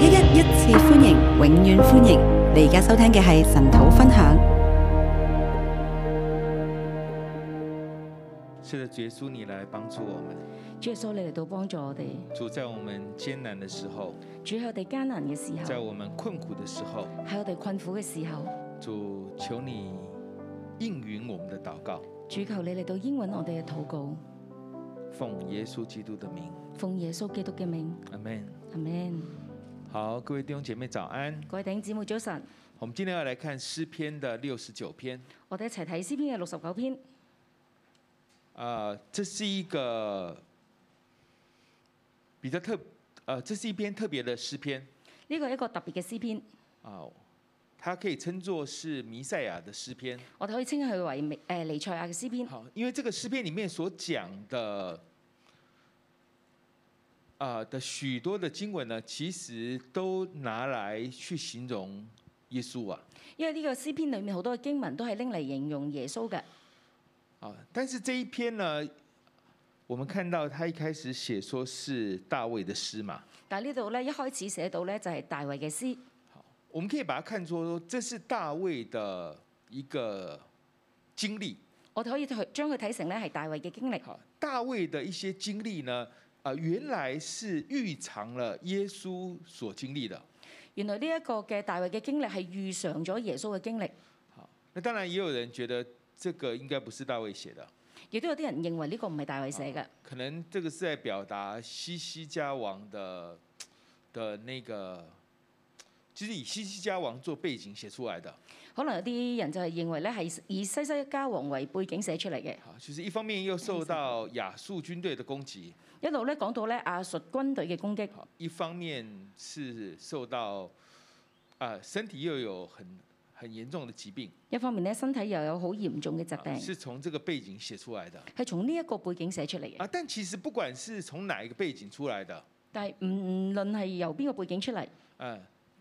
一一一次歡迎，永遠歡迎！你而家收聽嘅係神土分享。現在耶穌，你來幫助我們。耶穌，你嚟到幫助我哋。主在我們艱難嘅時候，主喺我哋艱難嘅時候，在我們困苦的時候，喺我哋困苦嘅時候，主求你應允我們嘅禱告。主求你嚟到應允我哋嘅禱告。奉耶穌基督的名，奉耶穌基督嘅名,名。Amen。Amen。好，各位弟兄姐妹早安。各位弟兄姊妹早晨。好，我們今天要來看詩篇的六十九篇。我哋一齊睇詩篇嘅六十九篇。啊、呃，這是一個比較特，啊、呃，這是一篇特別的詩篇。呢個一個特別嘅詩篇。啊，它可以稱作是彌賽亞的詩篇。我哋可以稱佢為誒彌賽亞嘅詩篇。好，因為這個詩篇裏面所講的。啊的許多的經文呢，其實都拿來去形容耶穌啊。因為呢個詩篇裏面好多經文都係拎嚟形容耶穌嘅。但是這一篇呢，我們看到他一開始寫說是大衛的詩嘛。但係呢度咧，一開始寫到咧就係大衛嘅詩。我們可以把它看作，這是大衛的一個經歷。我哋可以去將佢睇成咧係大衛嘅經歷。大衛的一些經歷呢，啊，原來是預藏了耶穌所經歷的。原來呢一個嘅大衛嘅經歷係預藏咗耶穌嘅經歷。好，那當然也有人覺得這個應該不是大衛寫的。亦都有啲人認為呢個唔係大衛寫嘅。可能這個是在表達西西家王的的那個。就是以西西家王做背景寫出來的，可能有啲人就係認為咧係以西西家王為背景寫出嚟嘅。好，就是一方面又受到亞述軍隊嘅攻擊，一路咧講到咧亞述軍隊嘅攻擊。一方面是受到，啊身體又有很很嚴重的疾病，一方面咧身體又有好嚴重嘅疾病。是從這個背景寫出來的，係從呢一個背景寫出嚟嘅。啊，但其實不管是從哪一個背景出來的，但係唔唔論係由邊個背景出嚟，誒。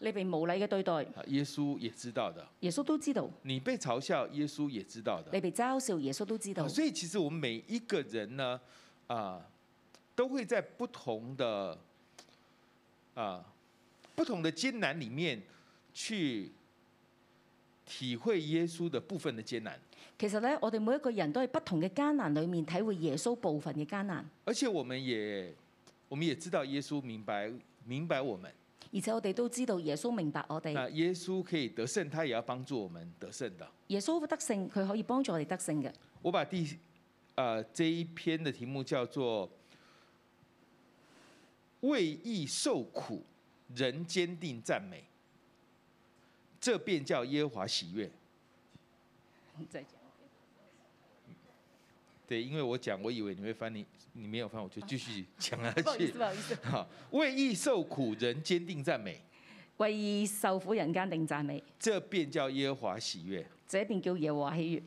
你被無禮嘅對待，耶穌也知道的。耶穌都知道，你被嘲笑，耶穌也知道的。你被嘲笑，耶穌都知道。所以其實我們每一個人呢，啊，都會在不同的啊，不同的艱難裡面去體會耶穌的部分的艱難。其實呢，我哋每一個人都喺不同嘅艱難裡面體會耶穌部分嘅艱難。而且我們也，我們也知道耶穌明白，明白我們。而且我哋都知道耶穌明白我哋，那耶穌可以得勝，他也要幫助我們得勝的。耶穌得勝，佢可以幫助我哋得勝嘅。我把第啊這一篇的題目叫做為義受苦人堅定讚美，這便叫耶和華喜悅，再見。對，因為我講，我以為你會翻，你你沒有翻，我就繼續講下去啊。不好意思，不好意思。好，為義受，受苦人堅定讚美。為義受苦人堅定讚美。這便叫耶和華喜悦。這便叫耶和華喜悦。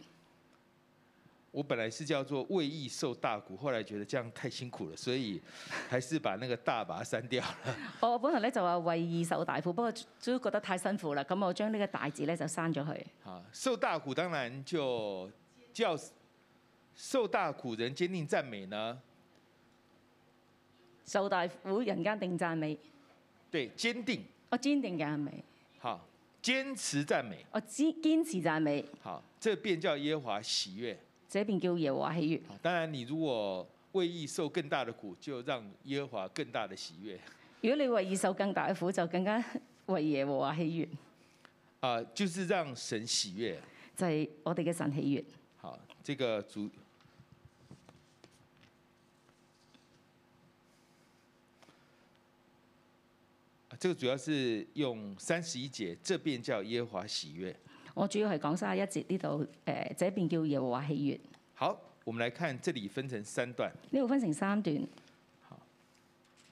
我本來是叫做為義受大苦，後來覺得這樣太辛苦了，所以還是把那個大把它刪掉了。我本來呢就話為義受大苦，不過就覺得太辛苦了，咁我將呢個大字呢就刪咗佢，「好，受大苦當然就叫。就受大苦人堅定讚美呢？受大苦人間定讚美。對，堅定。我堅定嘅讚美。好，堅持讚美。我堅堅持讚美。好，這便叫耶和華喜悅。這便叫耶和華喜悅。當然，你如果為義受更大的苦，就讓耶和華更大的喜悅。如果你為義受更大的苦，就更加為耶和華喜悅。啊，就是讓神喜悅。就係我哋嘅神喜悅。好，這個主。這個主要是用三十一節，這邊叫耶和華喜悦。我主要係講三十一節呢度，誒，這邊叫耶和華喜悦。好，我們來看這裏分成三段。呢度分成三段。好，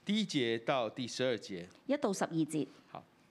第一節到第十二節。一到十二節。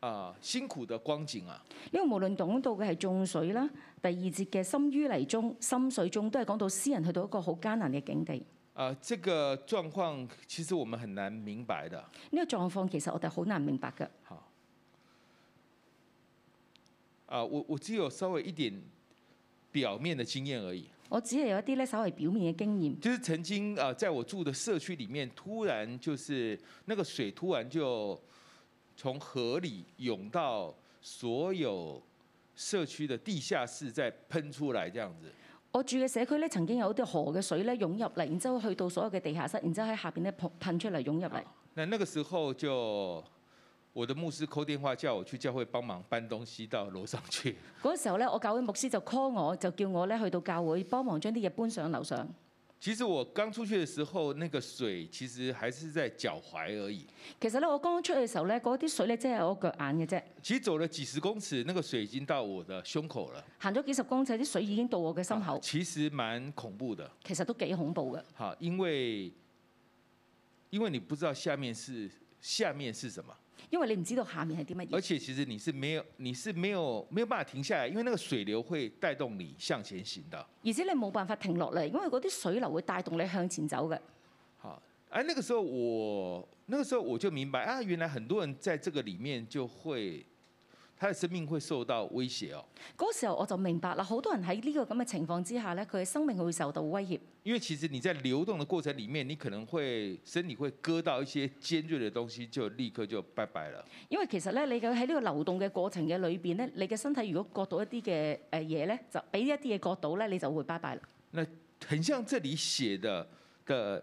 啊，辛苦的光景啊！因為無論講到嘅係眾水啦，第二節嘅深淤泥中、深水中，都係講到詩人去到一個好艱難嘅境地。啊，這個狀況其實我們很難明白的。呢個狀況其實我哋好難明白嘅。好。啊，我我只有稍微一點表面嘅經驗而已。我只係有一啲咧，稍微表面嘅經驗。就是曾經啊，在我住的社區裡面，突然就是那個水突然就。從河裏湧到所有社區的地下室，再噴出來，這樣子。我住嘅社區咧，曾經有條河嘅水呢湧入嚟，然之後去到所有嘅地下室，然之後喺下面呢噴出嚟，湧入嚟。那那個時候就我的牧師 call 電話叫我去教會幫忙搬東西到樓上去。嗰時候呢，我教會牧師就 call 我，就叫我呢去到教會幫忙將啲嘢搬上樓上。其實我剛出去的時候，那個水其實還是在腳踝而已。其實呢，我剛剛出去嘅時候呢，嗰啲水呢，真係我腳眼嘅啫。其實走了幾十公尺，那個水已經到我的胸口了。行咗幾十公尺，啲水已經到我嘅心口。其實蠻恐怖的。其實都幾恐怖嘅。嚇，因為因為你不知道下面是下面是什麼。因為你唔知道下面係啲乜嘢，而且其實你是沒有，你是沒有沒有辦法停下來，因為那個水流會帶動你向前行的。而且你冇辦法停落嚟，因為嗰啲水流會帶動你向前走嘅。好，而那個時候我，那個時候我就明白啊，原來很多人在這個裏面就會。他的生命會受到威脅哦。嗰、那個、時候我就明白啦，好多人喺呢個咁嘅情況之下咧，佢嘅生命會受到威脅。因為其實你在流動嘅過程裡面，你可能會身體會割到一些尖銳嘅東西，就立刻就拜拜啦。因為其實咧，你嘅喺呢個流動嘅過程嘅裏邊咧，你嘅身體如果割到一啲嘅誒嘢咧，就俾一啲嘢割到咧，你就會拜拜啦。那很像這裡寫的嘅。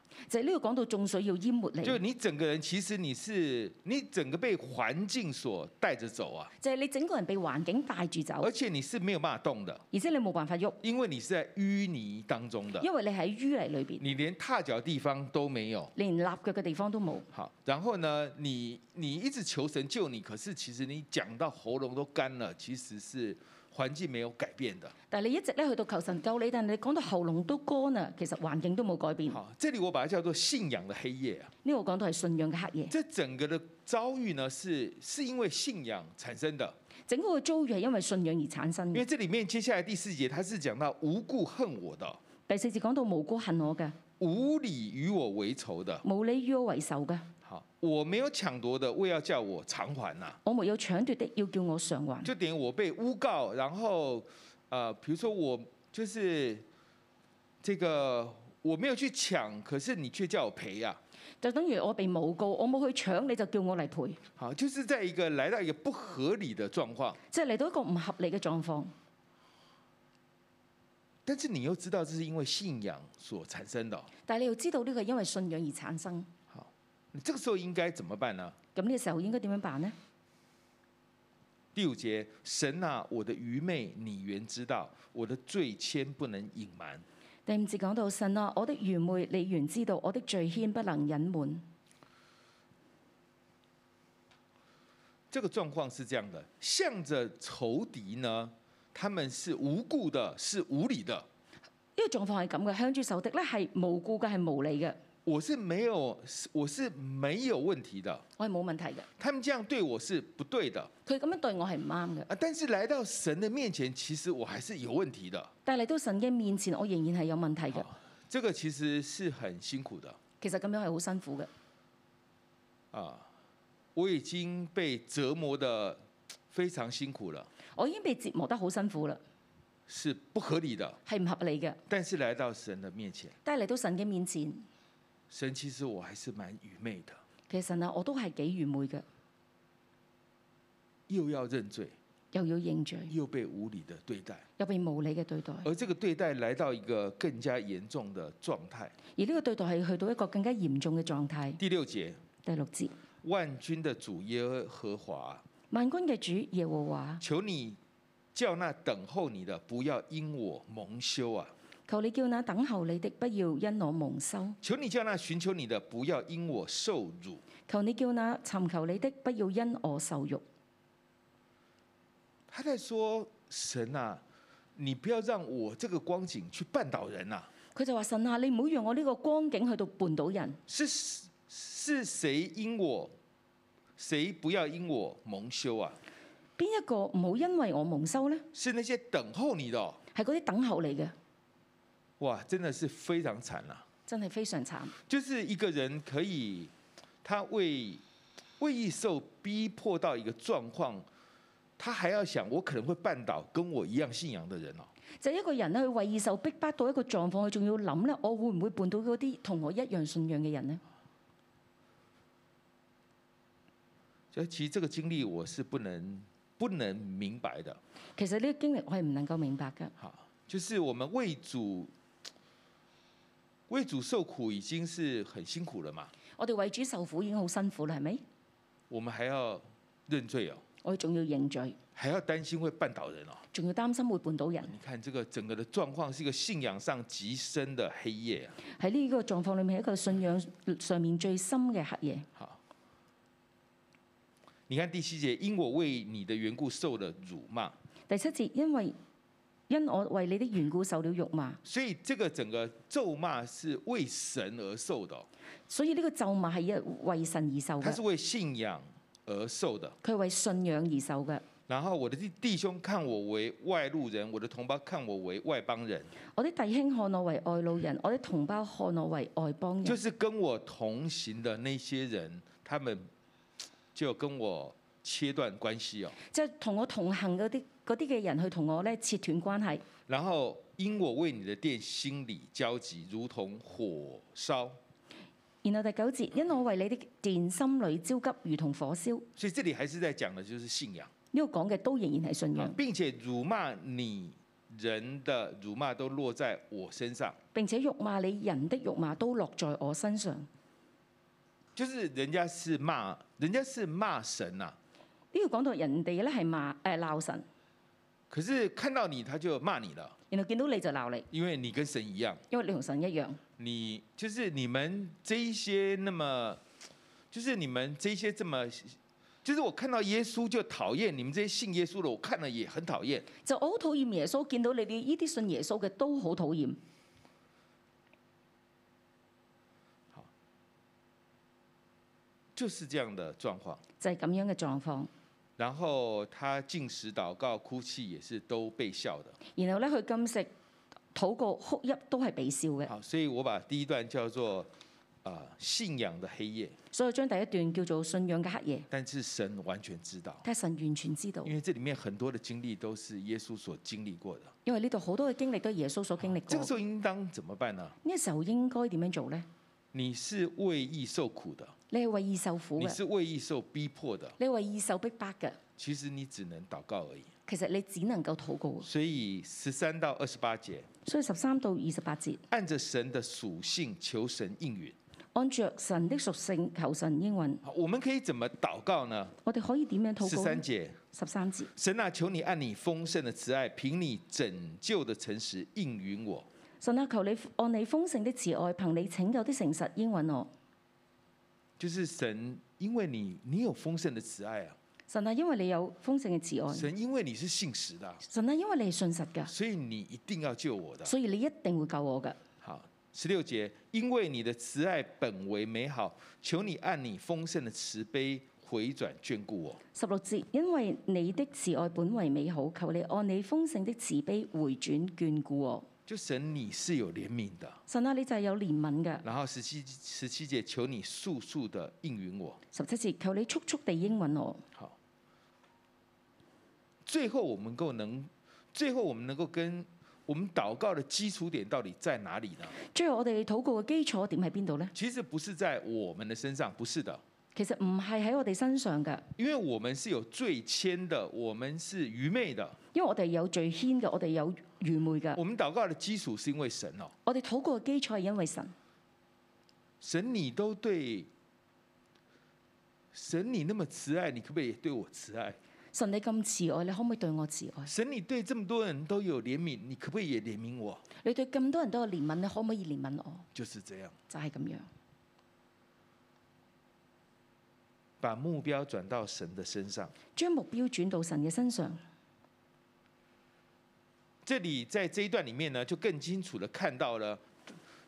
就係、是、呢個講到中水要淹沒你。就你整個人其實，你是你整個被環境所帶着走啊。就係你整個人被環境帶住走，而且你是沒有辦法動的，而且你冇辦法喐，因為你是在淤泥當中的，因為你喺淤泥裏邊，你連踏腳地方都沒有，連立腳嘅地方都冇。好，然後呢，你你一直求神救你，可是其實你講到喉嚨都乾了，其實是。環境沒有改變的，但係你一直咧去到求神救你，但係你講到喉嚨都乾啊，其實環境都冇改變。好，這裏我把它叫做信仰的黑夜啊。呢個講到係信仰嘅黑夜。即整個的遭遇呢，是是因為信仰產生的。整個嘅遭遇係因為信仰而產生。因為這裏面接下來第四節，他是講到無故恨我的。第四節講到無辜恨我嘅。無理與我為仇的。無理與我為仇嘅。我沒有搶奪的，為要叫我償還啊，我沒有搶奪的，要叫我償還，就等於我被誣告，然後呃，譬如說我就是這個我沒有去搶，可是你卻叫我賠啊，就等於我被誣告，我冇去搶，你就叫我嚟賠。好，就是在一個來到一個不合理的狀況，即係嚟到一個唔合理嘅狀況。但是你又知道這是因為信仰所產生的。但係你又知道呢個因為信仰而產生。你這個時候應該怎麼辦呢？咁呢個時候應該點樣辦呢？第五節，神啊，我的愚昧你原知道，我的罪愆不能隱瞞。第五節講到神啊，我的愚昧你原知道，我的罪愆不能隱瞞。這個狀況是這樣的，向着仇敵呢，他們是無故的，是無理的。呢、這個狀況係咁嘅，向住仇敵咧係無故嘅，係無理嘅。我是沒有，我是沒有問題的。我係冇問題嘅。他們這樣對我是不對的。佢咁樣對我係唔啱嘅。啊，但是嚟到神的面前，其實我還是有問題的。但係嚟到神嘅面前，我仍然係有問題嘅。啊，這個其實是很辛苦的。其實咁樣係好辛苦嘅。啊，我已經被折磨得非常辛苦了。我已經被折磨得好辛苦啦。是不合理的。係唔合理嘅。但是嚟到神的面前。但係嚟到神嘅面前。神其實我還是蠻愚昧的。其實呢，我都係幾愚昧嘅。又要認罪，又要認罪，又被無理的對待，又被無理嘅對待。而這個對待來到一個更加嚴重的狀態。而呢個對待係去到一個更加嚴重嘅狀態。第六節。第六節。萬軍的主耶和華。萬軍嘅主耶和華。求你叫那等候你的，不要因我蒙羞啊！求你叫那等候你的，不要因我蒙羞；求你叫那尋求你的，不要因我受辱；求你叫那尋求你的，不要因我受辱。他在說：神啊，你不要讓我這個光景去絆倒人啊！佢就話：神啊，你唔好讓我呢個光景去到絆倒人。是是誰因我，誰不要因我蒙羞啊？邊一個唔好因為我蒙羞呢？是那些等候你的，係嗰啲等候你嘅。哇，真的是非常慘啦！真的非常慘。就是一個人可以，他為為義受逼迫到一個狀況，他還要想我可能會絆倒跟我一樣信仰的人哦、啊。就一個人呢、啊、佢為義受逼迫，迫到一個狀況，佢仲要諗咧，我會唔會絆到嗰啲同我一樣信仰嘅人呢？所以其實這個經歷我是不能不能明白的。其實呢個經歷我係唔能夠明白嘅。好，就是我們為主。為主受苦已經是很辛苦了嘛。我哋為主受苦已經好辛苦啦，係咪？我們還要認罪哦。我哋仲要認罪。還要擔心會絆倒人哦。仲要擔心會絆倒人。你看這個整個的狀況是一個信仰上極深的黑夜啊！喺呢個狀況裏面，係一個信仰上面最深嘅黑夜。好，你看第七節，因我為你的緣故受了辱罵。第七節，因為。因我為你的緣故受了辱罵，所以這個整個咒罵是為神而受的。所以呢個咒罵係一為神而受。他是為信仰而受的。佢係為信仰而受嘅。然後我的弟弟兄看我為外路人，我的同胞看我為外邦人。我的弟兄看我為外路人，我的同胞看我為外邦人。就是跟我同行的那些人，他們就跟我切斷關係哦。即係同我同行嗰啲。嗰啲嘅人去同我咧切斷關係，然後因我為你的殿心裏焦急，如同火燒。然後第九節，因我為你的殿心裏焦急，如同火燒，所以這裏還是在講嘅，就是信仰。呢個講嘅都仍然係信仰。並且辱罵你人的辱罵都落在我身上。並且辱罵你人的辱罵都落在我身上。就是人家是罵，人家是罵神啊。呢個講到人哋咧係罵誒鬧神。可是看到你，他就罵你了。然後見到你就鬧你。因為你跟神一樣。因為你同神一樣。你就是你們這一些，那麼就是你們這些，這麼就是我看到耶穌就討厭，你們這些信耶穌的，我看了也很討厭。就我好討厭耶穌，見到你哋呢啲信耶穌嘅都好討厭。好，就是這樣的狀況。就係咁樣嘅狀況。然後他禁食、禱告、哭泣也是都被笑的。然後呢，佢禁食、禱告、哭泣都係被笑嘅。好，所以我把第一段叫做信仰的黑夜。所以將第一段叫做信仰嘅黑夜。但是神完全知道。但神完全知道。因為這裏面很多的經歷都是耶穌所經歷過的。因為呢度好多嘅經歷都耶穌所經歷過。這個時候應當怎麼辦呢？呢時候應該點樣做呢？你是為義受苦的，你係為義受苦，你是為義受逼迫迫的，你為義受逼迫嘅。其實你只能禱告而已，其實你只能夠禱告。所以十三到二十八節，所以十三到二十八節，按着神的屬性求神應允，按着神的屬性求神應允。我們可以怎麼禱告呢？我哋可以點樣禱告？十三節，十三節，神啊，求你按你豐盛的慈愛，憑你拯救的誠實應允我。神啊，求你按你豐盛的慈愛，憑你拯救的誠實應允我。就是神，因為你，你有豐盛的慈愛啊。神啊，因為你有豐盛的慈愛。神，因為你是信實的。神啊，因為你係信實嘅，所以你一定要救我的。的，所以你一定會救我嘅。好，十六節，因為你的慈愛本為美好，求你按你豐盛的慈悲回轉眷顧我。十六節，因為你的慈愛本為美好，求你按你豐盛的慈悲回轉眷顧我。就神你是有憐憫的，神啊你就係有憐憫嘅。然後十七十七節，求你速速的應允我。十七節，求你速速地應允我。好，最後我們夠能，最後我們能夠跟我們禱告的基礎點到底在哪裡呢？最後我哋禱告嘅基礎點喺邊度呢？其實不是在我們的身上，不是的。其實唔係喺我哋身上嘅，因為我們是有罪愆的，我們是愚昧的。因為我哋有罪愆嘅，我哋有愚昧嘅。我們禱告嘅基礎是因為神咯。我哋禱告嘅基礎係因為神。神你都對，神你那麼慈愛，你可唔可以對我慈愛？神你咁慈愛，你可唔可以對我慈愛？神你對這麼多人都有憐憫，你可唔可以也憐憫我？你對咁多人都有憐憫，你可唔可以憐憫我？就是這樣。就係咁樣。把目標轉到神嘅身上。將目標轉到神嘅身上。這裏在這一段裏面呢，就更清楚的看到了，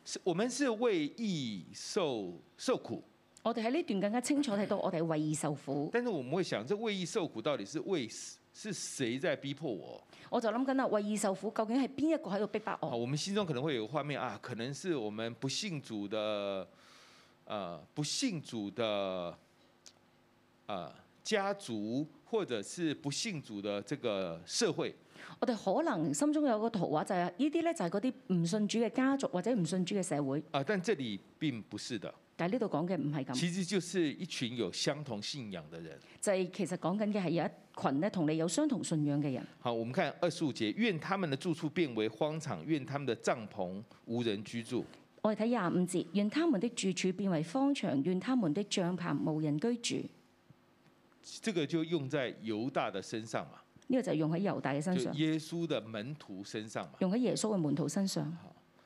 是我們是為義受受苦。我哋喺呢段更加清楚睇到，我哋為義受苦。但是我們會想，這為義受苦到底是為是是誰在逼迫我？我就諗緊啦，為義受苦究竟係邊一個喺度逼迫我。我們心中可能會有個畫面啊，可能是我們不信主的、呃，不信主的、呃，家族或者是不信主的這個社會，我哋可能心中有個圖畫，就係呢啲咧就係嗰啲唔信主嘅家族或者唔信主嘅社會啊，但這裏並不是的。但係呢度講嘅唔係咁。其實就是一群有相同信仰嘅人。就係其實講緊嘅係有一群咧同你有相同信仰嘅人。好，我們看二十五節，願他們的住處變為荒場，願他們的帳篷無人居住。我哋睇廿五節，願他們的住處變為荒場，願他們的帳篷無人居住。這個就用在猶大的身上嘛？呢個就用喺猶大嘅身上。耶穌的門徒身上嘛？用喺耶穌嘅門徒身上。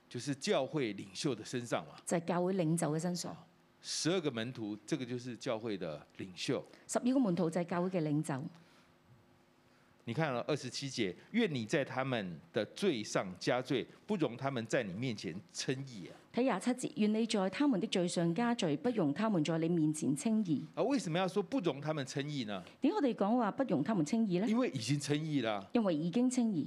就是教會領袖的身上嘛？就係教會領袖嘅身上。十二個門徒，這個就是教會的領袖。十二個門徒就係教會嘅領袖。你看啦，二十七節，願你在他們的罪上加罪，不容他們在你面前稱義啊！喺廿七節，願你在他們的罪上加罪，不容他們在你面前稱義。啊，為什麼要說不容他們稱義呢？點我哋講話不容他們稱義呢？因為已經稱義啦。因為已經稱義，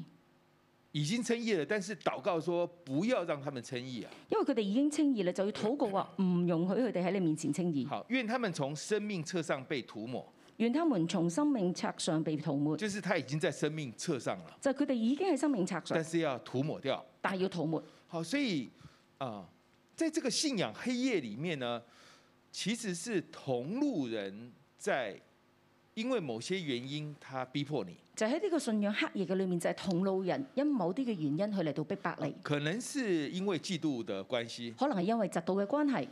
已經稱義了，但是禱告說不要讓他們稱義啊。因為佢哋已經稱義啦，就要禱告話唔容許佢哋喺你面前稱義。好，願他們從生命冊上被塗抹。願他們從生命冊上被塗抹，就是他已經在生命冊上了，就佢、是、哋已經喺生命冊上，但是要塗抹掉，但係要塗抹。好，所以啊。呃在這個信仰黑夜裏面呢，其實是同路人，在因為某些原因，他逼迫你。就喺呢個信仰黑夜嘅裏面，就係同路人，因某啲嘅原因去嚟到逼迫你。可能是因為嫉妒的關係。可能係因為嫉妒嘅關係。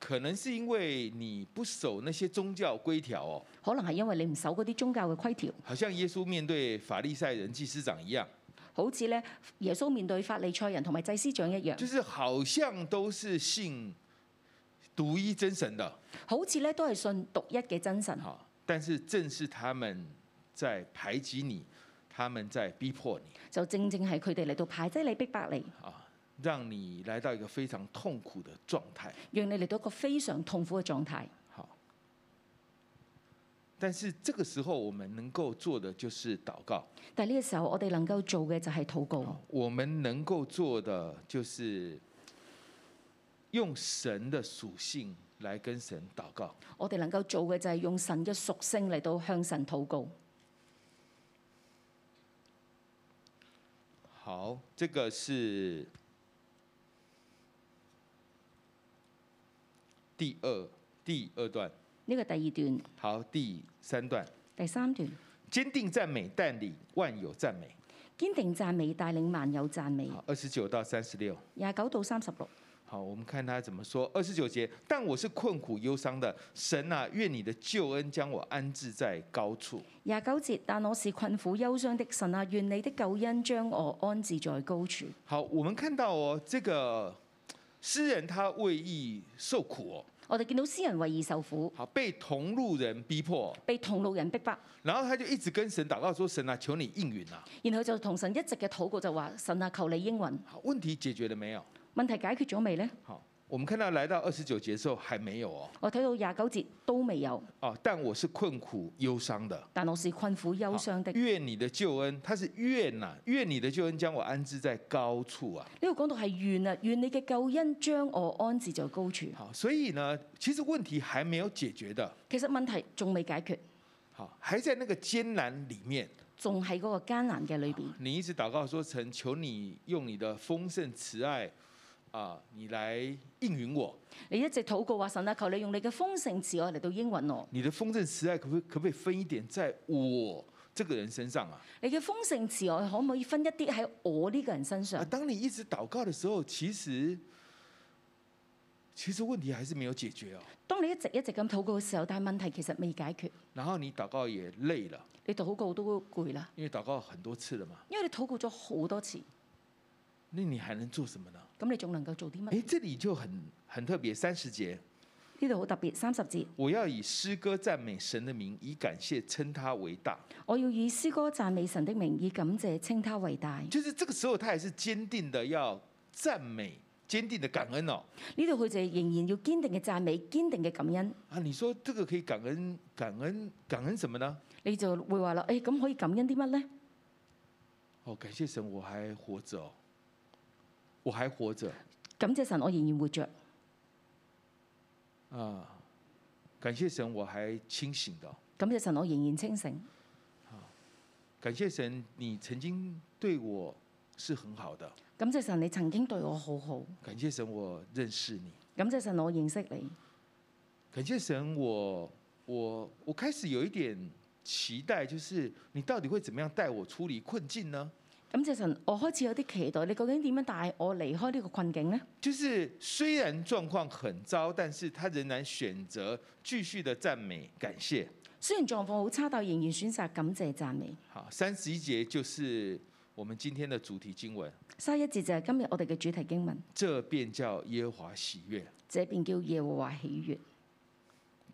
可能是因為你不守那些宗教規條哦。可能係因為你唔守嗰啲宗教嘅規條。好像耶穌面對法利賽人祭司長一樣。好似咧，耶穌面對法利賽人同埋祭司長一樣，就是好像都是信獨一真神的。好似咧，都係信獨一嘅真神。哈！但是正是他們在排擠你，他們在逼迫你，就正正係佢哋嚟到排擠你、逼迫你，啊，讓你嚟到一個非常痛苦嘅狀態，讓你嚟到一個非常痛苦嘅狀態。但是這個時候，我們能夠做的就是禱告。但係呢個時候，我哋能夠做嘅就係禱告。我們能夠做的就是用神的屬性來跟神禱告。我哋能夠做嘅就係用神嘅屬性嚟到向神禱告。好，這個是第二，第二段。呢、這個第二段，好，第三段，第三段，堅定讚美但領萬有讚美，堅定讚美帶領萬有讚美。二十九到三十六，廿九到三十六。好，我們看他怎麼說。二十九節，但我是困苦憂傷的，神啊，願你的救恩將我安置在高處。廿九節，但我是困苦憂傷的，神啊，願你的救恩將我安置在高處。好，我們看到哦，這個詩人他為義受苦哦。我哋見到私人為義受苦，好被同路人逼迫，被同路人逼迫，然後他就一直跟神禱告，說神啊，求你應允啊。然後就同神一直嘅禱告就話，神啊，求你應允。問題解決了沒有？問題解決咗未呢？我們看到來到二十九節的時候，還沒有哦，我睇到廿九節都未有。哦，但我是困苦憂傷的，但我是困苦憂傷的。願你的救恩，他是怨啊，願你的救恩將我安置在高處啊。呢個講到係怨啊，願你嘅救恩將我安置在高處。好，所以呢，其實問題還沒有解決的。其實問題仲未解決，好，還在那個艱難裏面，仲喺嗰個艱難嘅裏邊。你一直禱告說，成，求你用你的豐盛慈愛。啊！你來應允我。你一直禱告話神啊，求你用你嘅豐盛慈愛嚟到應允哦，你的豐盛慈愛可唔可唔可以分一點在我這個人身上啊？你嘅豐盛慈愛可唔可以分一啲喺我呢個人身上？當你一直禱告嘅時候，其實其實問題還是沒有解決哦。當你一直一直咁禱告嘅時候，但係問題其實未解決。然後你禱告也累了，你禱告都攰啦，因為禱告很多次啦嘛。因為你禱告咗好多次。那你還能做什麼呢？咁你仲能夠做啲乜？誒，這裏就很很特別，三十節呢度好特別，三十節。我要以詩歌讚美神的名，以感謝稱他為大。我要以詩歌讚美神的名，以感謝稱他為大。就是這個時候，他還是堅定的要讚美，堅定的感恩哦。呢度佢就仍然要堅定嘅讚美，堅定嘅感恩。啊，你說這個可以感恩，感恩，感恩什麼呢？你就會話啦，誒、欸，咁可以感恩啲乜咧？哦，感謝神，我還活着哦。我還活着，感謝神，我仍然活着。啊，感謝神，我還清醒的。感謝神，我仍然清醒。感謝神，你曾經對我是很好的。感謝神，你曾經對我好好。感謝神，我認識你。感謝神，我認識你。感謝神，我我我開始有一點期待，就是你到底會怎麼樣帶我處理困境呢？感謝神，我開始有啲期待，你究竟點樣帶我離開呢個困境呢？就是雖然狀況很糟，但是他仍然選擇繼續的讚美感謝。雖然狀況好差，但仍然選擇感謝讚美。好，三十一節就是我們今天的主題經文。三一節就係今日我哋嘅主題經文。這便叫，叫耶和華喜悦。這便叫耶和華喜悦。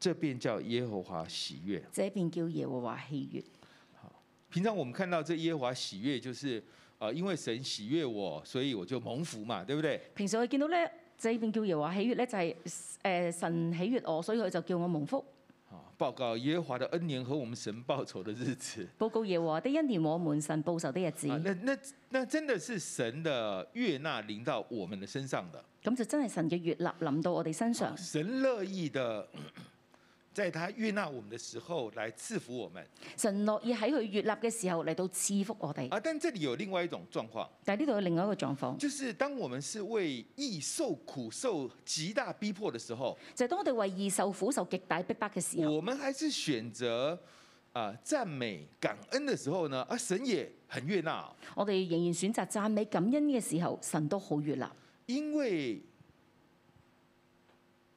這便叫耶和華喜悦。這便叫耶和華喜悦。平常我們看到這耶華喜悅，就是，啊，因為神喜悅我，所以我就蒙福嘛，對不對？平時我見到咧，這邊叫耶華喜悅咧，就係誒神喜悅我，所以佢就叫我蒙福。啊，報告耶和華的恩年和我們神報仇的日子。報告耶和華的恩年和我們神報仇的日子。那那那真的是神的悅納臨到我們的身上的。咁就真係神嘅悅納臨到我哋身上。神樂意的。在他悅納我們的時候，來賜福我們。神樂意喺佢悅納嘅時候嚟到賜福我哋。啊，但這裏有另外一種狀況。但係呢度有另外一個狀況，就是當我們是為義受苦受極大逼迫的時候，就係當我哋為義受苦受極大逼迫嘅時候。我們還是選擇啊讚美感恩嘅時候呢？啊，神也很悅納。我哋仍然選擇讚美感恩嘅時候，神都好悅納。因為。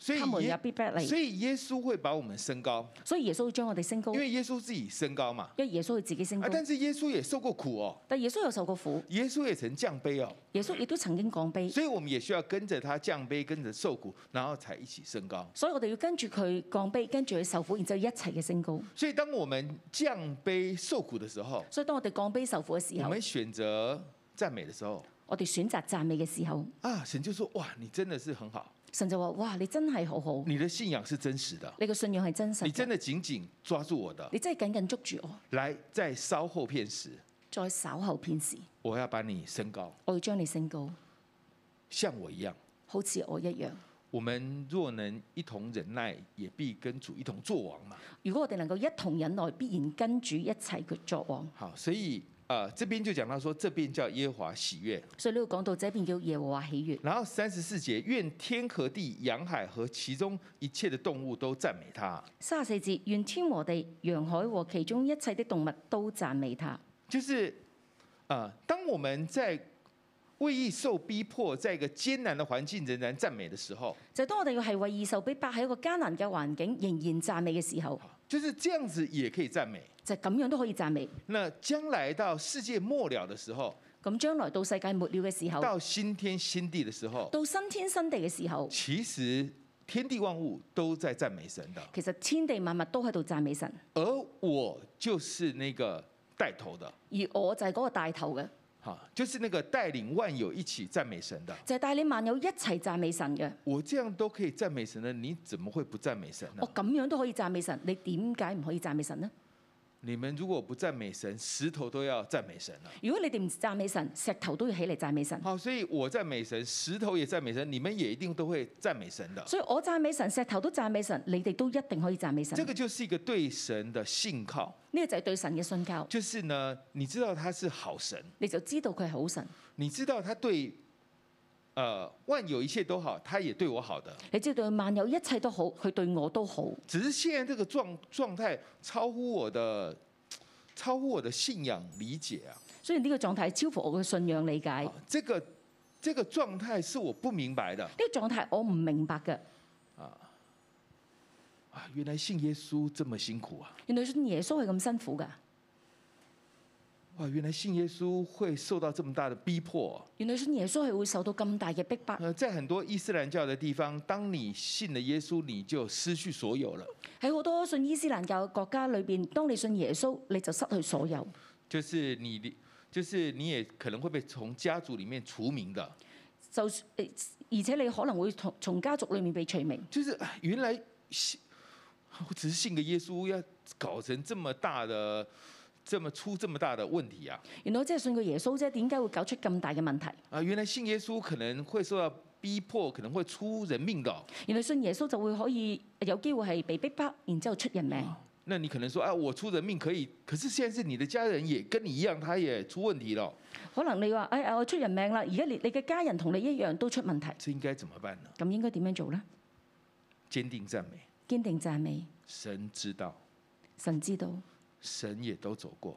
所以，所以耶穌會把我們升高。所以耶穌會將我哋升高。因為耶穌自己升高嘛。因為耶穌佢自己升高。但是耶穌也受過苦哦。但耶穌有受過苦。耶穌也曾降卑哦。耶穌亦都曾經降卑。所以我們也需要跟着他降卑，跟着受苦，然後才一起升高。所以我哋要跟住佢降卑，跟住佢受苦，然之後一齊嘅升高。所以當我們降卑受苦的時候，所以當我哋降卑受苦嘅時候，我們選擇讚美的時候，我哋選擇讚美嘅時候，啊，神就說：哇，你真的是很好。神就話，哇，你真係好好，你的信仰是真實的，你嘅信仰係真實，你真的緊緊抓住我的，你真係緊緊捉住我。來，在稍後片時，再稍後片時，我要把你升高，我要將你升高，像我一樣，好似我一樣，我們若能一同忍耐，也必跟主一同做王嘛。如果我哋能夠一同忍耐，必然跟主一齊去做王。好，所以。啊，這邊就講到說，這邊叫耶和華喜悅。所以如果講到這邊叫耶和華喜悅，然後三十四節，願天和地、洋海和其中一切的動物都讚美他。三十四節，願天和地、洋海和其中一切的動物都讚美他。就是，啊，當我們在為義受逼迫，在一個艱難的環境仍然讚美的時候，就當我哋要係為義受逼迫喺一個艱難嘅環境仍然讚美嘅時候。就是這樣子也可以讚美，就噉樣都可以讚美。那將來到世界末了的時候，噉將來到世界末了嘅時候，到新天新地的時候，到新天新地嘅時候，其實天地萬物都在讚美神的，其實天地萬物都喺度讚美神，而我就是那個帶頭的，而我就係嗰個帶頭嘅。就是那個帶領萬有一起讚美神的，就係帶領萬有一齊讚美神嘅。我這樣都可以讚美神嘅，你怎麼會不讚美神呢，啊？我咁樣都可以讚美神，你點解唔可以讚美神呢？你們如果不讚美神，石頭都要讚美神啦。如果你哋唔讚美神，石頭都要起嚟讚美神。好，所以我讚美神，石頭也讚美神，你們也一定都會讚美神的。所以我讚美神，石頭都讚美神，你哋都一定可以讚美神的。這個就是一個對神的信靠。呢個就係對神嘅信靠。就是呢，你知道他是好神，你就知道佢係好神。你知道他對。呃萬有一切都好，他也對我好的。你知道對萬有一切都好，佢對我都好。只是現在這個狀狀態超乎我的超乎我的信仰理解啊。所以呢個狀態超乎我嘅信仰理解。這個這個狀態是我不明白的。呢個狀態我唔明白嘅。啊，原來信耶穌這麼辛苦啊！原來信耶穌係咁辛苦噶。哇！原來信耶穌會受到這麼大的逼迫。原來信耶穌係會受到咁大嘅逼迫。誒，在很多伊斯蘭教的地方，當你信了耶穌，你就失去所有了。喺好多信伊斯蘭教嘅國家裏邊，當你信耶穌，你就失去所有。就是你，就是你也可能會被從家族裏面除名的。就誒，而且你可能會從從家族裏面被除名。就是原來信，我只是信個耶穌，要搞成這麼大的。這麼出這麼大的問題啊？原來我真係信個耶穌啫，點解會搞出咁大嘅問題？啊，原來信耶穌可能會受到逼迫，可能會出人命噶，哦。原來信耶穌就會可以有機會係被逼迫，然之後出人命，啊。那你可能說啊，我出人命可以，可是現在是你的家人也跟你一樣，他也出問題咯。可能你話誒，哎，我出人命啦，而家你你嘅家人同你一樣都出問題。這應該怎麼辦呢？咁應該點樣做呢？堅定讚美，堅定讚美，神知道，神知道。神也都走過，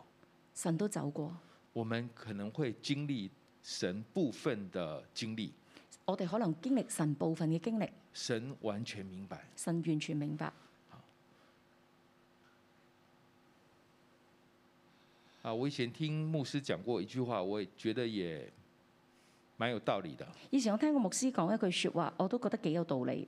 神都走過。我們可能會經歷神部分的經歷，我哋可能經歷神部分嘅經歷。神完全明白，神完全明白。啊，我以前聽牧師講過一句話，我覺得也蠻有道理的。以前我聽過牧師講一句說話，我都覺得幾有道理。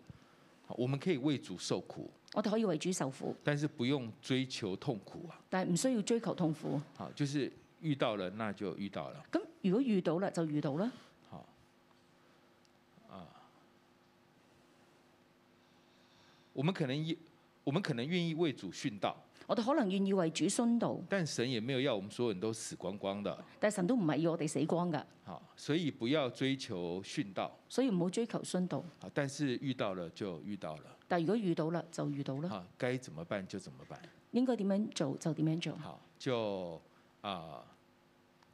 我們可以為主受苦。我哋可以為主受苦，但是不用追求痛苦啊。但係唔需要追求痛苦，啊。好，就是遇到了那就遇到了。咁如果遇到了，就遇到啦，啊。我們可能願，我們可能願意為主殉道。我哋可能願意為主殉道，但神也沒有要我們所有人都死光光的。但神都唔係要我哋死光嘅。所以不要追求殉道。所以唔好追求殉道。但是遇到了就遇到了。但如果遇到啦，就遇到啦。該怎麼辦就怎麼辦。應該點樣做就點樣做。好，就啊，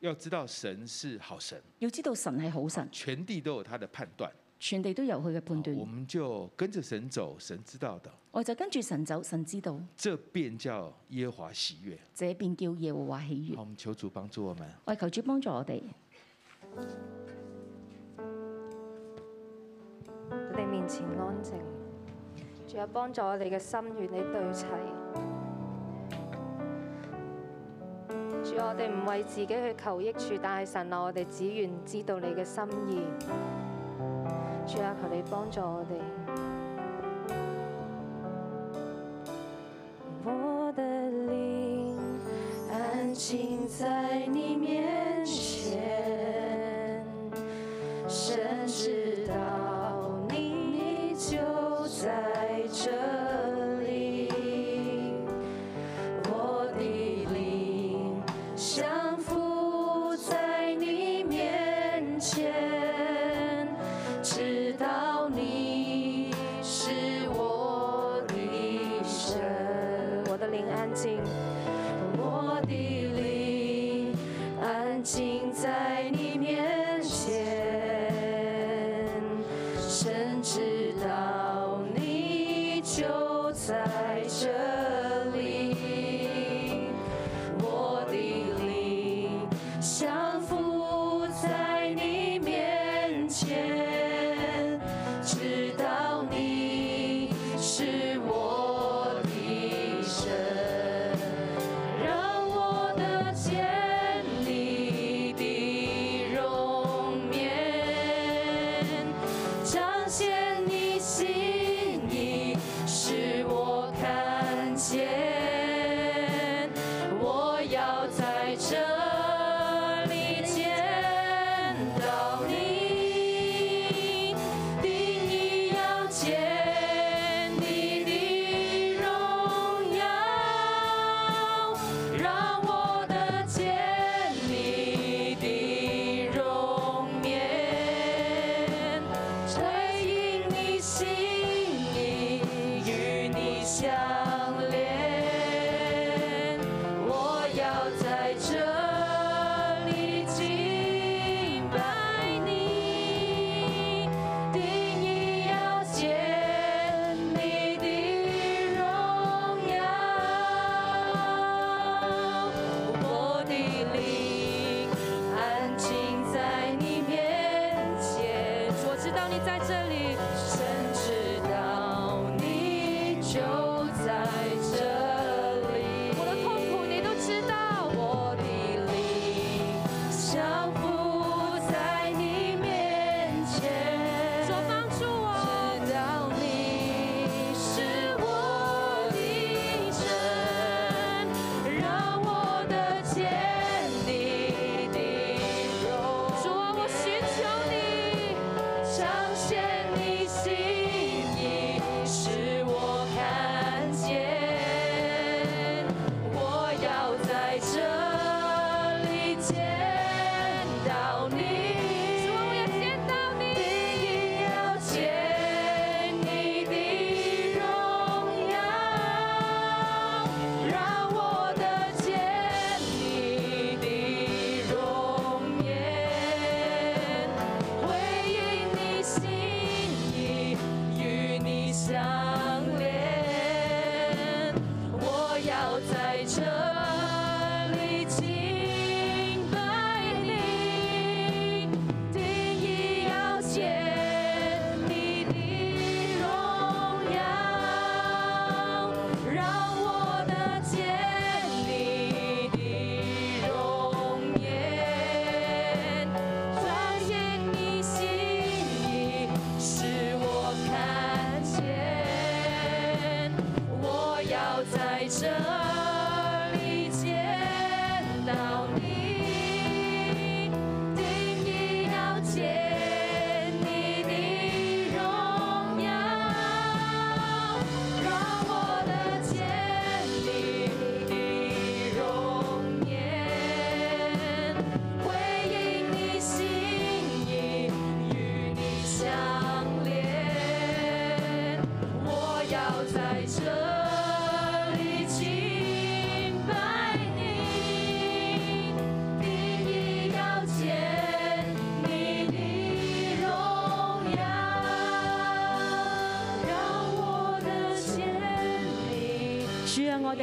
要知道神是好神。要知道神係好神。全地都有他的判斷。全地都有佢嘅判斷。我們就跟着神走，神知道的。我就跟住神走，神知道。這便叫耶和華喜悦。這便叫耶和華喜悦。好，我們求主幫助我們。我哋求主幫助我哋，我哋面前安靜。主啊，幫助我哋嘅心願你對齊。主啊，我哋唔為自己去求益處，但係神啊，我哋只願知道你嘅心意。主啊，求你幫助我哋。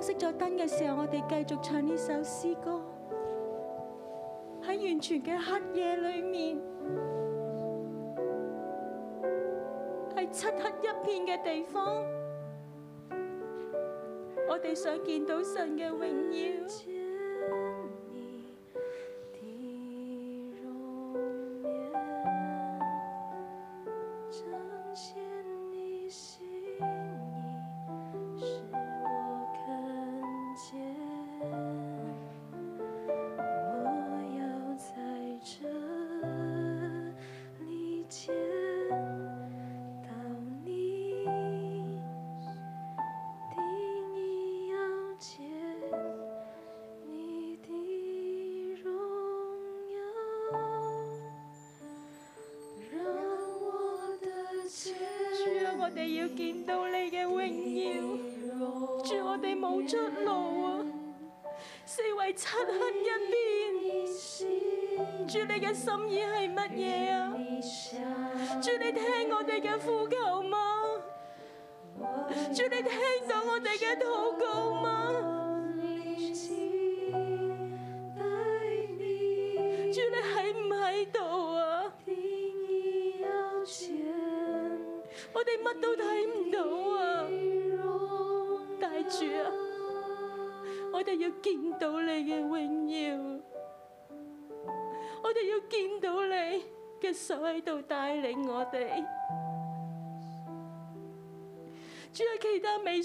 熄咗燈嘅時候，我哋繼續唱呢首詩歌，喺完全嘅黑夜裏面，喺漆黑一片嘅地方，我哋想見到神嘅榮耀。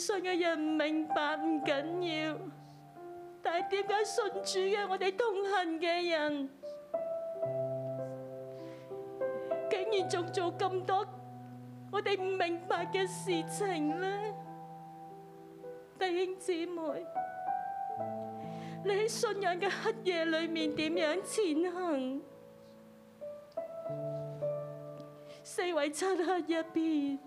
信嘅人唔明白唔緊要，但係點解信主嘅我哋痛恨嘅人，竟然仲做咁多我哋唔明白嘅事情呢？弟兄姊妹，你喺信仰嘅黑夜裏面點樣前行？四位漆黑入邊。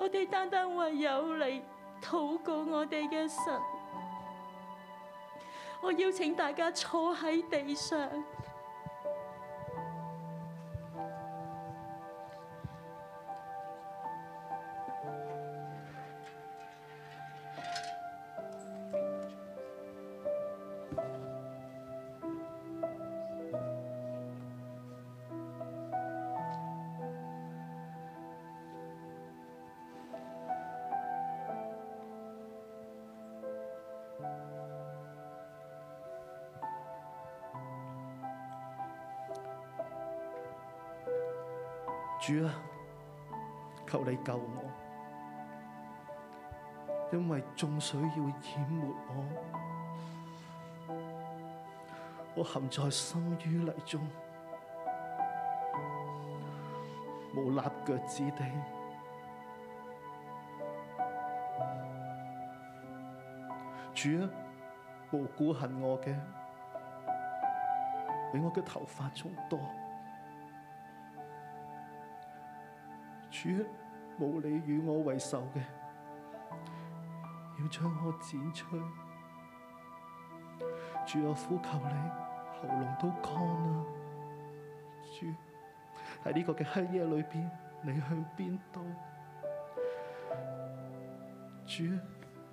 我哋單單唯有嚟禱告，我哋嘅神。我邀請大家坐喺地上。救我，因為眾水要淹沒我，我陷在深淤泥中，無立腳之地。主啊，無故恨我嘅，比我嘅頭髮仲多。主啊。冇，你與我為仇嘅，要將我剪出去。主，我呼求你，喉嚨都乾啦。主，喺呢個嘅黑夜裏邊，你向邊度？主，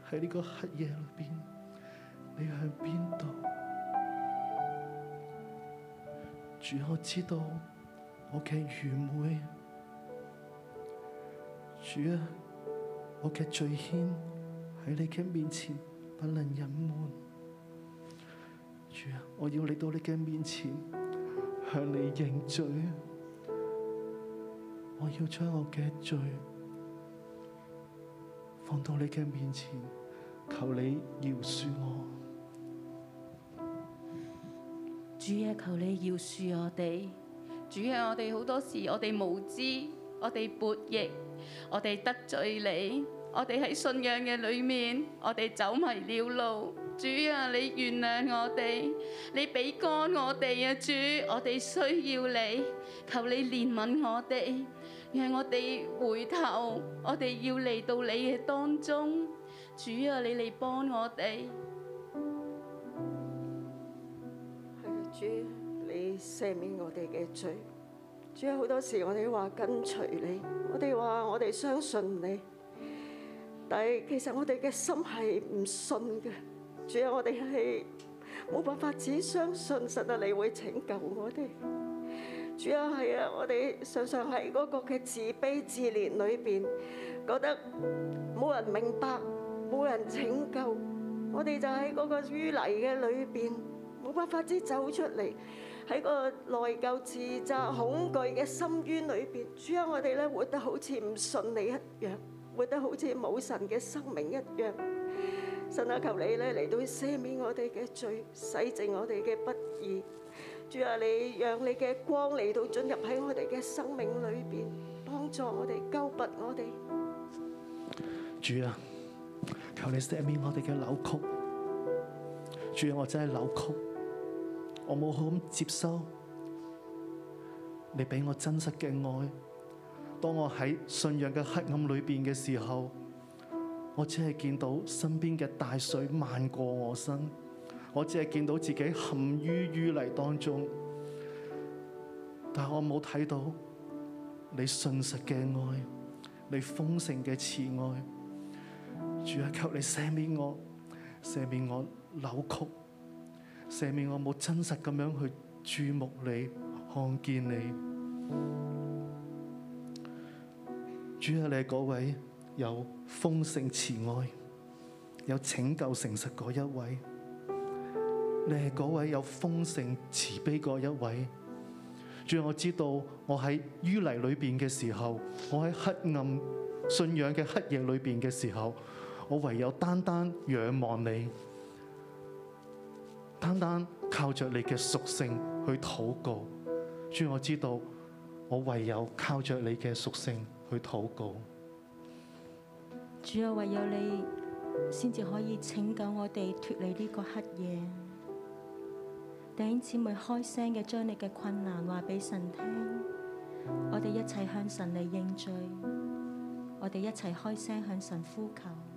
喺呢個黑夜裏邊，你向邊度？主，我知道我嘅愚昧。主啊，我嘅罪愆喺你嘅面前不能隱瞞。主啊，我要嚟到你嘅面前向你認罪。我要將我嘅罪放到你嘅面前求，求你饒恕我。主啊，求你饒恕我哋。主啊，我哋好多時我哋無知，我哋悖逆。我哋得罪你，我哋喺信仰嘅裏面，我哋走迷了路。主啊，你原諒我哋，你俾光我哋啊！主，我哋需要你，求你憐憫我哋，讓我哋回頭，我哋要嚟到你嘅當中。主啊，你嚟幫我哋。係啊，主，你赦免我哋嘅罪。主啊，好多時我哋話跟隨你，我哋話我哋相信你，但係其實我哋嘅心係唔信嘅。主啊，我哋係冇辦法只相信實在，你會拯救我哋。主啊，係啊，我哋常常喺嗰個嘅自卑自憐裏邊，覺得冇人明白，冇人拯救，我哋就喺嗰個淤泥嘅裏邊，冇辦法只走出嚟。喺個內疚、自責、恐懼嘅深淵裏邊，主啊，我哋咧活得好似唔信你一樣，活得好似冇神嘅生命一樣。神啊，求你咧嚟到赦免我哋嘅罪，洗淨我哋嘅不義。主啊，你讓你嘅光嚟到進入喺我哋嘅生命裏邊，幫助我哋、澆拔我哋。主啊，求你赦免我哋嘅扭曲。主啊，我真係扭曲。我冇好咁接收你俾我真實嘅愛，當我喺信仰嘅黑暗裏邊嘅時候，我只係見到身邊嘅大水漫過我身，我只係見到自己陷於淤泥當中，但係我冇睇到你信實嘅愛，你豐盛嘅慈愛，主啊，求你赦免我，赦免我扭曲。赦免我冇真實咁樣去注目你、看見你。主要你係嗰位有豐盛慈愛、有拯救誠實嗰一位。你係嗰位有豐盛慈悲嗰一位。主要我知道我喺淤泥裏面嘅時候，我喺黑暗信仰嘅黑夜裏面嘅時候，我唯有單單仰望你。單單靠着你嘅屬性去禱告，主我知道，我唯有靠着你嘅屬性去禱告。主啊，唯有你先至可以拯救我哋脫離呢個黑夜。弟兄姊妹開聲嘅將你嘅困難話俾神聽，我哋一齊向神嚟認罪，我哋一齊開聲向神呼求。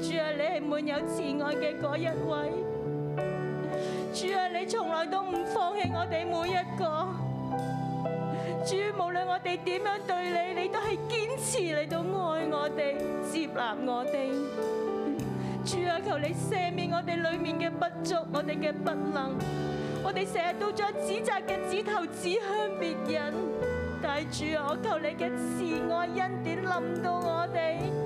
主啊，你係滿有慈愛嘅嗰一位。主啊，你從來都唔放棄我哋每一個。主啊，無論我哋點樣對你，你都係堅持嚟到愛我哋、接納我哋。主啊，求你赦免我哋裏面嘅不足，我哋嘅不能。我哋成日都將指責嘅指頭指向別人。但係主啊，我求你嘅、啊、慈愛恩典臨到我哋。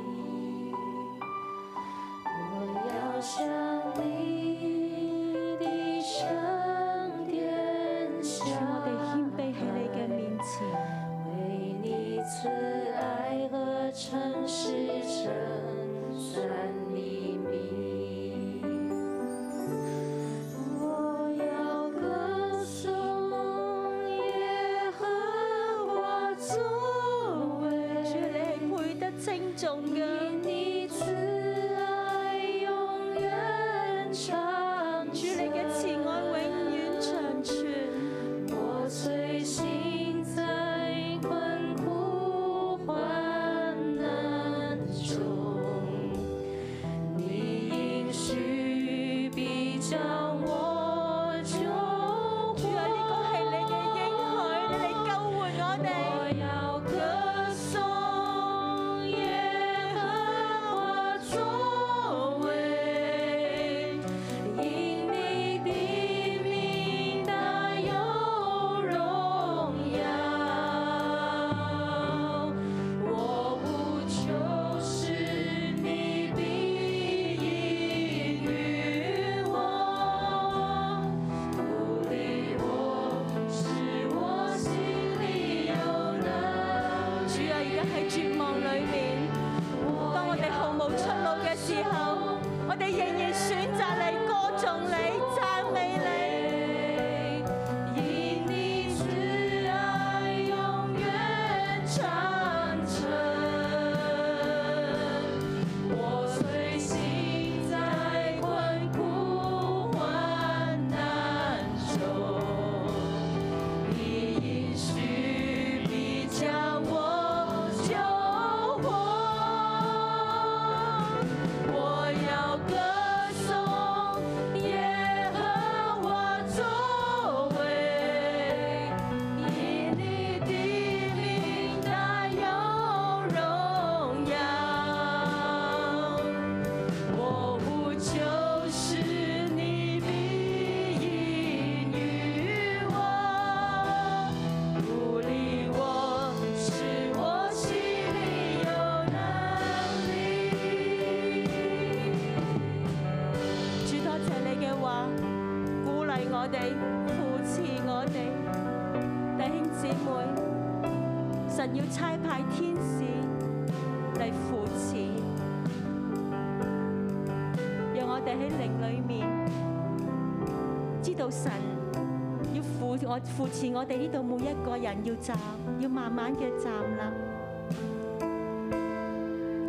扶持我哋呢度每一個人要站，要慢慢嘅站啦。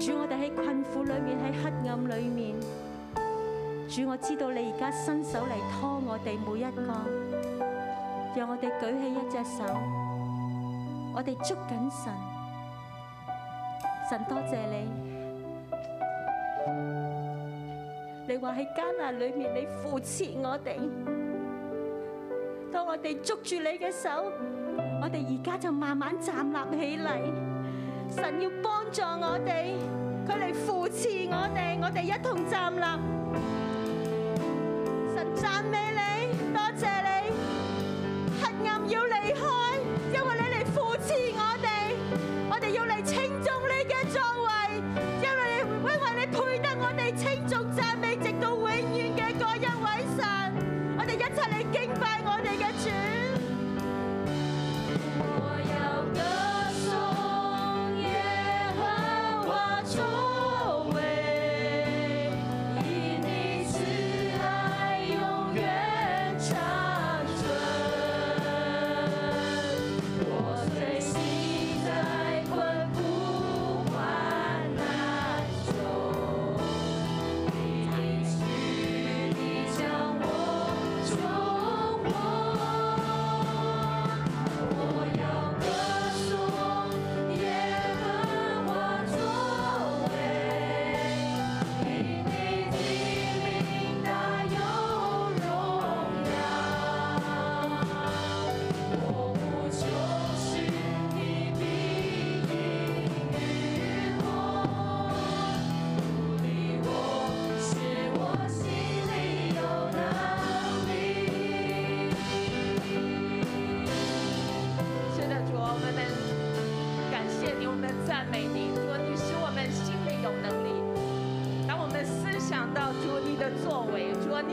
主，我哋喺困苦裏面，喺黑暗裏面，主，我知道你而家伸手嚟拖我哋每一個，讓我哋舉起一隻手，我哋捉緊神，神多謝你，你話喺艱難裏面你扶持我哋。我哋捉住你嘅手，我哋而家就慢慢站立起嚟。神要幫助我哋，佢嚟扶持我哋，我哋一同站立。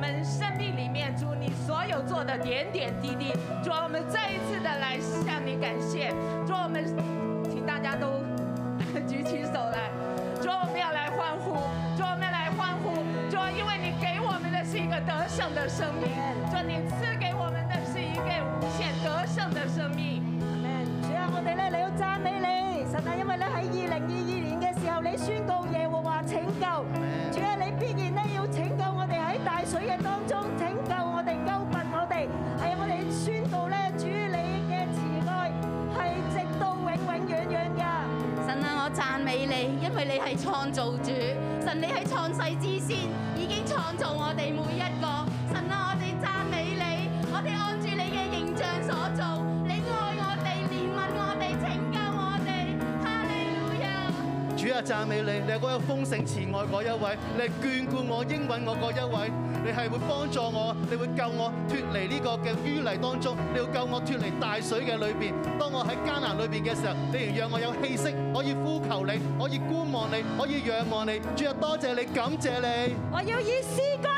我們生命裏面，主你所有做的點點滴滴，主我們再一次的來向你感謝，主我們，請大家都舉起手來，主我們要來歡呼，主我們要來歡呼，主因為你給我們的是一個得勝的生命，主你賜給我們的是一個無限得勝的生命，阿門。要我哋咧要讚美你，你，神啊，因為咧喺二零二二年嘅時候，你宣告耶和華拯救，主啊，你必然咧要。佢你係創造主神，神你喺創世之先已經創造我哋每一個，神啊，我哋讚美你，我哋按住你嘅形象所做。讚美你，你係嗰個豐盛慈愛嗰一位，你係眷顧我、應允我嗰一位，你係會幫助我，你會救我脫離呢個嘅淤泥當中，你要救我脫離大水嘅裏邊。當我喺艱難裏邊嘅時候，你而讓我有氣息可以呼求你，可以觀望你，可以仰望你。主啊，多謝你，感謝你。我要以詩歌。